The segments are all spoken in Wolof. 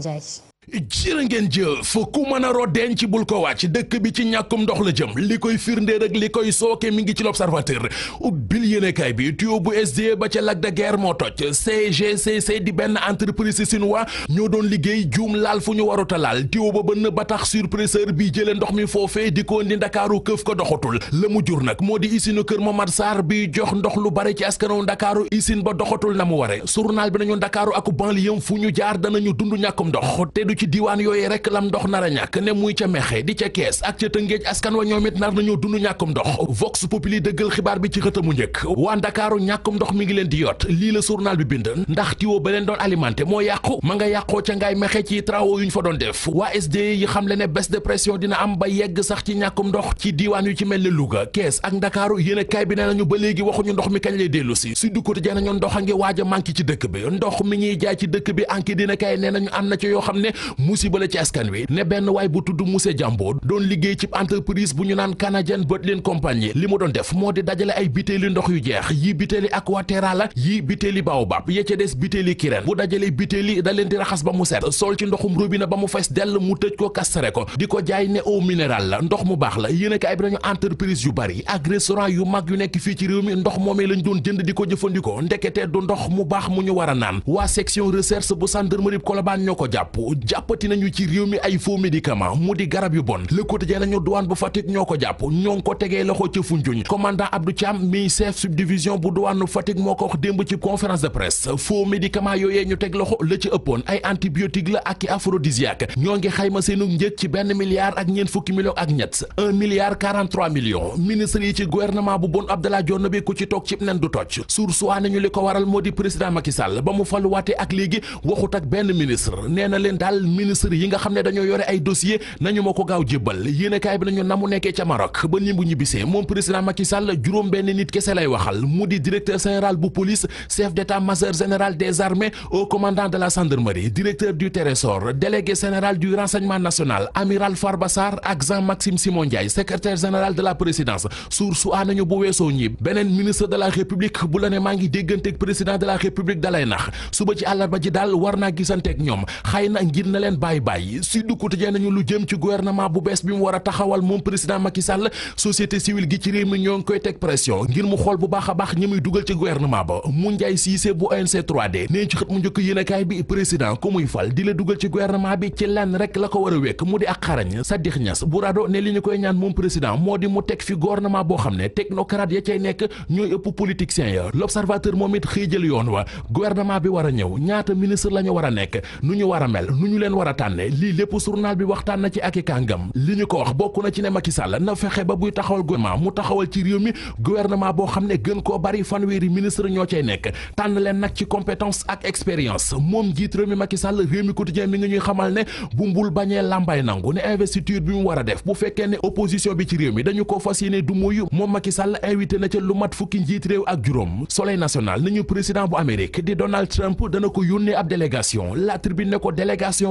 Ndiaye jërë ngeen jëf ku mën a roddeen ci bul ko wàcc dëkk bi ci ñàkkum ndox la jëm li koy firndéer ak li koy sooke mi ngi ci l'observateur ubbil yéenekaay bi tuyau bu SDE ba ca Lac de Guiers moo toj CGCC di benn entreprise chinois ñoo doon liggéey juum laal fu ñu warut a laal tuyau ba bënn ba tax surpresseur bi jëlee ndox mi foofee di ko indi ndakaaru këf ko doxatul la mu jur nag moo di usine Kër Momar Sarr bi jox ndox lu bari ci askanaw ndakaaru usine ba doxatul na mu ware journal bi nañu ndakaaru ak banlieue fu ñu jaar danañu dund ñàkkum ndox du ci diiwaan yooyu rek lam ndox nar a ñàkk ne muy ca mexe di ca kees ak ca tëngeej askan wa ñoom it nar nañoo dund ñàkkum ndox vox populi dëggal xibaar bi ci xëtamu njëkk waa ndakaaru ñàkkum ndox mi ngi leen di yott lii la journal bi bind ndax tiwo ba leen doon alimenté moo yàqu ma nga yàqoo ca ngaay mexe ci travaux yuñ fa doon def waa SDE yi xam le ne baisse de dina am ba yegg sax ci ñàkkum ndox ci diiwaan yu ci mel ne Louga kees ak ndakaaru a a a manqué ci dëkk musiba la ci askan wi ne benn waay bu tudd Mousse Jambo doon liggéey ci entreprise bu ñu naan Canadian Bottling Company li mu doon def moo di dajale ay bitéeli ndox yu jeex yi yii bitéeli Aquaterra la yii bitéeli Baobab ya ca des bitéeli Kirène bu dajalee bitéeli da leen di raxas ba mu set sol ci ndoxum robine ba mu fees dell mu tëj ko kastare ko di ko jaay ne eau minérale la ndox mu baax la yéen a kaay bi nañu entreprise yu bari ak restaurant yu mag yu nekk fii ci réew mi ndox moomee lañ doon jënd di ko jëfandikoo ndekete du ndox mu baax mu ñu war a naan waa section recherche bu gendarmerie Colobane ñoo ko jàpp jàppati nañu ci réew mi ay faux médicament mu di garab yu bon le quotidien nañu douane bu Fatick ñoo ko jàpp ñoo ngi ko tegee loxo ca Foundiougne commandant Abdou Thiam mi chef subdivision bu douane Fatick moo ko wax démb ci conférence de presse faux médicament yooyee ñu teg loxo la ci ëppoon ay antibiotique la ak i aphrodisiaque ñoo ngi xayma seenu njëg ci benn milliard ak ñeent fukki million ak ñett un milliard 43 millions ministre yi ci gouvernement bu bon Abdallah Dionne bi ku ci toog cib nen du toj suur ko waral moo di président Macky Sall ba mu faluwaate ak léegi waxut ak benn ministre nee na leen ñeel ministre yi nga xam ne dañoo yore ay dossier nañu ma ko gaaw jébbal yéenekaay bi nañu na mu nekkee ca Maroc ba ñi bu ñibbisee moom président Macky juróom benn nit kese lay waxal mu di directeur général bu police chef d'état-major général des armées au commandant de la gendarmerie directeur du trésor délégué général du renseignement national amiral Farba Sarr ak Jean-Maxime Simon Ndiaye secrétaire général de la présidence source a nañu bu weesoo ñi beneen ministre de ngi dégganteeg président de la république dalay nax suba ci àllarba ji na ngir na leen bàyyi bàyyi si du quotidien nañu lu jëm ci gouvernement bu bees bi mu war a taxawal moom président Macky Sall société civile gi ci réew a baax ñi muy dugal ci gouvernement ba mu d nee ci xët mu njëkk yéenekaay bi président ku muy fal di la dugal ci gouvernement bi ci lenn rek la ko war a wekk mu di ak xarañ Sadikh Niass bu rado ne li ñu koy ñaan moom président moo di mu teg fi gouvernement boo xam ne technocrate ya cay nekk ñooy ëpp politiciens ya l'observateur moom it xëy jël yoon wa gouvernement bi war a ñëw ñaata ministre la ñu war a nekk nu ñu war a mel leen war a tànne lii lépp journal bi waxtaan na ci ak i kàngam li ñu ko wax bokk na ci ne Macky Sall na fexe ba buy taxawal gouvernement mu taxawal ci réew mi gouvernement boo xam ne gën koo bari fanweeri ministre ñoo cay nekk tànn leen nag ci compétence ak expérience moom jiit réew mi Macky Sall réew mi quotidien mi ngi ñuy xamal ne bu mbul bañee làmbaay nangu ne investiture bi mu war a def bu fekkee ne opposition bi ci réew mi dañu ko fas yéene du muyu moom Macky Sall invité na ca lu mat fukki njiit réew ak juróom soleil national ñu président bu Amérique di Donald Trump dana ko yónnee ab ne ko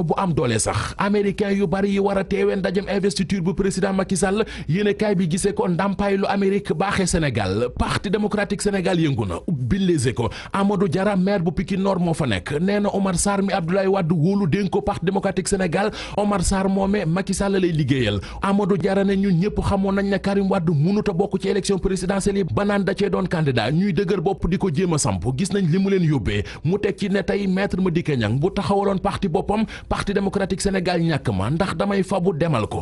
délégation bu am doole sax américain yu bari yi war a teewee ndajem investiture bu président Macky Sall yéenekaay bi gisee ko ndàmpaay lu Amérique baaxee Sénégal parti démocratique Sénégal yëngu na billise ko Amadou Diarra maire bu Pikine Nord moo fa nekk nee na Omar Sarr mi Abdoulaye Wade wóolu dénk ko parti démocratique Sénégal Omar Sarr moomee Macky Sall lay liggéeyal Amadou Diarra ne ñun ñëpp xamoon nañ ne Karim Wade mënut a bokk ci élection présidentielle yi banaan da cee doon candidat ko jéem a nañ li mu leen yóbbee mu teg ci ne tey maître Madické Niang bu taxawaloon parti boppam parti démocratique Sénégal ñàkk ma ndax damay fabu demal ko.